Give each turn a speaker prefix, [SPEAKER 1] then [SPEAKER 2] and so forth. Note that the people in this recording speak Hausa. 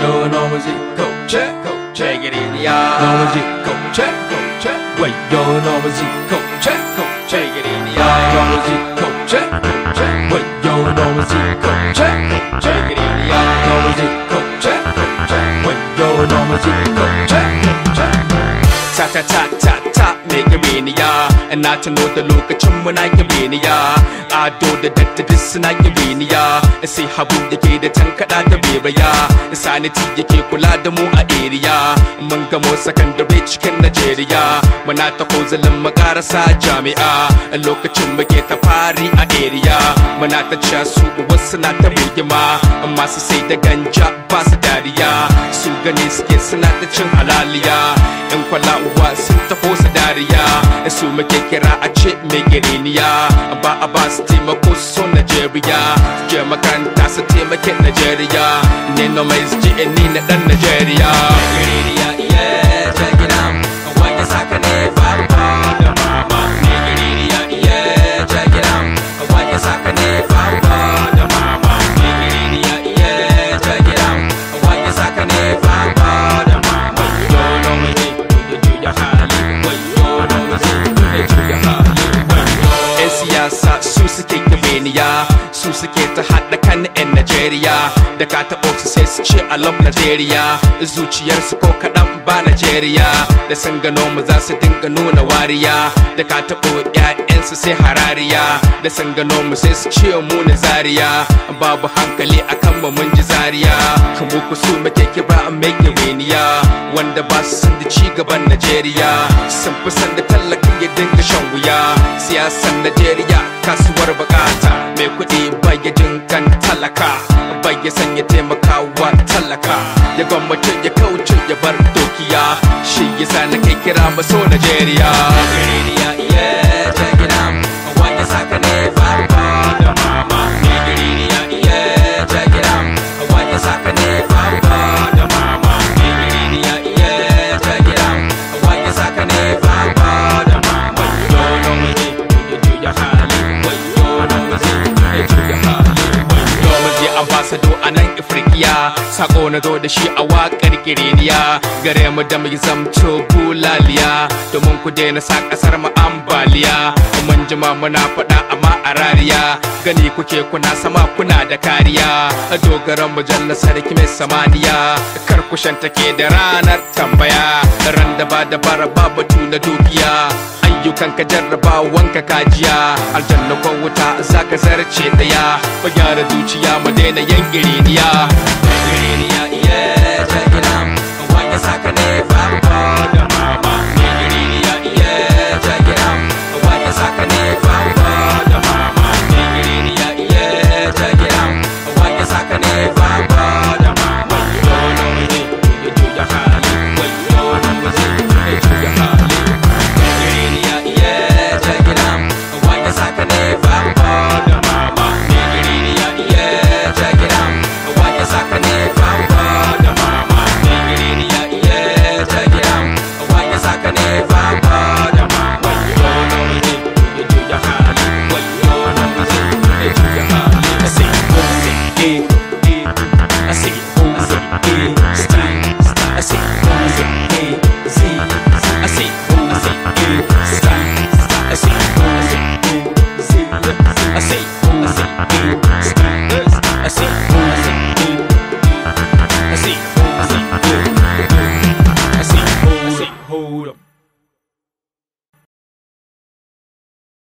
[SPEAKER 1] Going on was it go check go check it in the eye. Going was it go check go check. Wait, going on was it go check go check it in the
[SPEAKER 2] eye. Going was it go check go check. Wait, going on was it go check go check it in the eye. Going was it go check go check. Wait, going on was it go
[SPEAKER 1] check go check. Tap tap tap tap tap, make it in the eye. na tuno da lokacin muna kimiyya ado da dattadi suna kimiyya sai habu yake da tankada da bebaya saniti yake kula da mu a area mun gamo secondary cikin Najeriya muna ta kozalin makarasa jami'a lokacin muke ta fari a area muna ta su wasu na ta birgima masu sai da ganja ba su dariya su gane suke suna ta cin halaliya yan kwala uwa sun taho su dariya su muke kira a ce mai giriniya ba a ba su taimako su najeriya su je makaranta su taimake najeriya ne na mai ji ni na dan najeriya siyasa su suke kimiyya su suke ta haɗa kan 'yan Najeriya da ka sai su ce a love Najeriya zuciyarsu ko kaɗan ba Najeriya da sun gano mu za su dinga nuna wariya da ka taɓo ƴaƴansu sai harariya da sun gano mu sai su ce mu na zariya babu hankali akan mu mun ji zariya mu ku su muke kira a make weniya wanda ba su san da ci gaban Najeriya sun fi san da tallafin ya dinga shan wuya siyasar Najeriya kasuwar bukata mai kuɗi ba ya talaka ba ya sanya taimakawa talaka ya gwamnati ya kauce shi sa na kai kira maso Najeriya. Najeriya sarkiya sako na zo da shi a wakar kiriniya gare mu da mu zamto bulaliya domin ku daina sa kasar mu ambaliya mun jima muna faɗa amma a rariya gani kuke kuna sama kuna da kariya a dogaran mujallar sarki mai samaniya kar ku shantake da ranar tambaya ran da ba da bara babu na dukiya ayyukan ka jarraba ka kajiya aljanna ko wuta za ka zarce daya bayar gyara zuciya mu daina
[SPEAKER 2] yan giriniya Awesome.